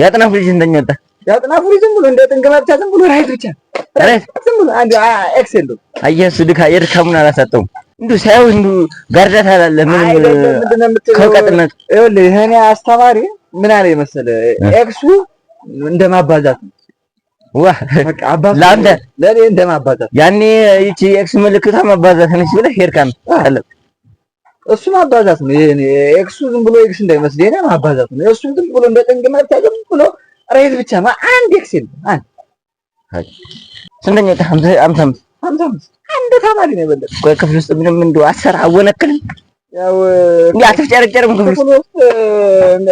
የአጥናፉ ልጅ እንደኛ ወጣ። የአጥናፉ ልጅ ዝም ብሎ እንደ ጥንግ መብቻ ዝም ብሎ ራይት ብቻ ራይት ዝም ብሎ አንድ ኤክስ እንደው አየህ፣ ድካ የድካሙን አላሳጠውም። እንዲሁ ሳይው እንዲሁ ጋርዳት አላለ ምንም ከውቀጥነት ይኸውልህ፣ ይሄኔ አስተማሪ ምን አለ መሰለህ፣ ኤክሱ እንደማባዛት ነው ለአንተ ለእኔ እንደማባዛት ያኔ ይቺ ኤክስ ምልክቷ ማባዛት ነች ብለህ ሄድካም አለ እሱ ማባዛት ነው። ይሄ ኤክሱ ዝም ብሎ ኤክስ እንዳይመስል ይሄ ማባዛት ነው። እሱ ዝም ብሎ እንደ ጥንግ ማለት አይደለም ብሎ ራይት ብቻ ነው። አንድ ኤክስ የለም። አንድ ስንተኛ ወጣ? ሀምሳ አምስት ሀምሳ አንድ ተማሪ ነው የበለጠ። ቆይ ክፍል ውስጥ ምንም እንደው አሰር አወነክልም። ያው እንዴ አትፍጨረጨርም ክፍል ውስጥ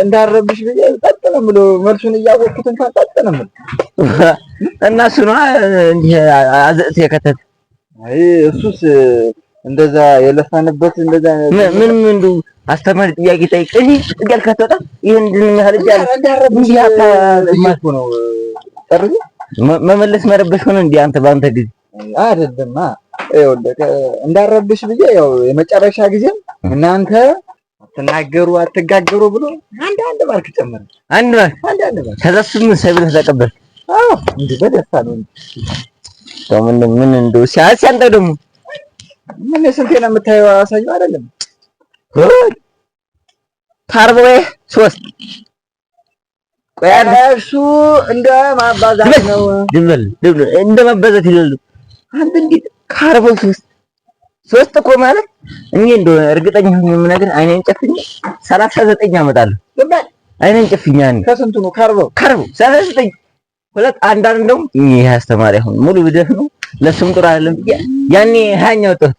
እንዳረብሽ ብዬ ጠጥ ነው የምለው መልሱን እያወቅሁት እንኳን ጠጥ ነው የምለው እና እሱ ነዋ እንዲህ አዘቅት የከተት አይ እሱስ እንደዛ የለፋንበት እንደዛ ምን ምን እንደው አስተማሪ ጥያቄ ጠይቅ እዚህ ጥያቄ ከተወጣ ይሄን እንድንያህል ይችላል እንዲህ አታማኩ ነው ጠርግ መመለስ መረበሽ ሆነ እንዴ? አንተ ባንተ ጊዜ አይደለም እንዳረብሽ ብዬ ያው የመጨረሻ ጊዜም እናንተ አትናገሩ አትጋገሩ ብሎ አንድ አንድ ማርክ ጨመረ አንድ ማርክ አንድ አንድ ማርክ ከዛ እሱ ምን ሰብል ተቀበል አዎ እንዴ በደስታ ነው ምን ምን እንደው ሲያንተ ደግሞ ምን ስንቴ ነው የምታየው? አሳዩ አይደለም ታርቦዬ ሶስት ቆያለ እሱ እንደ ማባዛት ነው ድምል ድምል እንደ ማባዛት ይላሉ። አንተ እንዴት ካርቦ ሶስት ሶስት እኮ ማለት እኔ እንደ እርግጠኛ ሆኜ የምነግር አይነን ጨፍኛ ሰላሳ ዘጠኝ አመጣለሁ። አይኔን ጨፍኛ ነው። ከስንቱ ነው ካርቦ? ካርቦ ሰላሳ ዘጠኝ ሁለት አንዳንድ እንደውም ይሄ አስተማሪ አሁን ሙሉ ብደፍ ነው ለስም ጥሩ አይደለም። ያኔ ሃኛው ጥሩ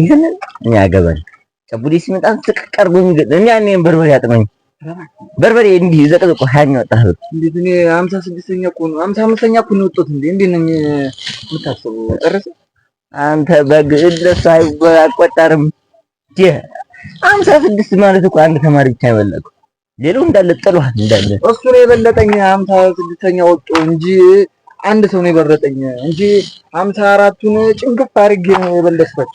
ይሄን እኔ አገባኝ ጨቡዴ ሲመጣም ስቅቅ አድርጎ እኔ ያኔ በርበሬ አጥመኝ በርበሬ እንዲህ ዘቅዘቁ ሃኛው ወጣህ። እንዴት እኔ ሀምሳ ስድስተኛ እኮ ነው ሀምሳ አምስተኛ እኮ ነው የወጣሁት። እንዴ እንዴት ነው የምታስበው? ጨረሰ አንተ በግ እንደሱ አይቆጠርም። ሀምሳ ስድስት ማለት እኮ አንድ ተማሪ ብቻ አይበለቁ ሌላው እንዳለ ጥሏል እንዳለ እሱ ነው የበለጠኝ። አምሳ ስድስተኛ ወጡ እንጂ አንድ ሰው ነው የበረጠኝ እንጂ ሀምሳ አራቱን ጭንቅፍ አድርጌ ነው የበለጥኳቸው።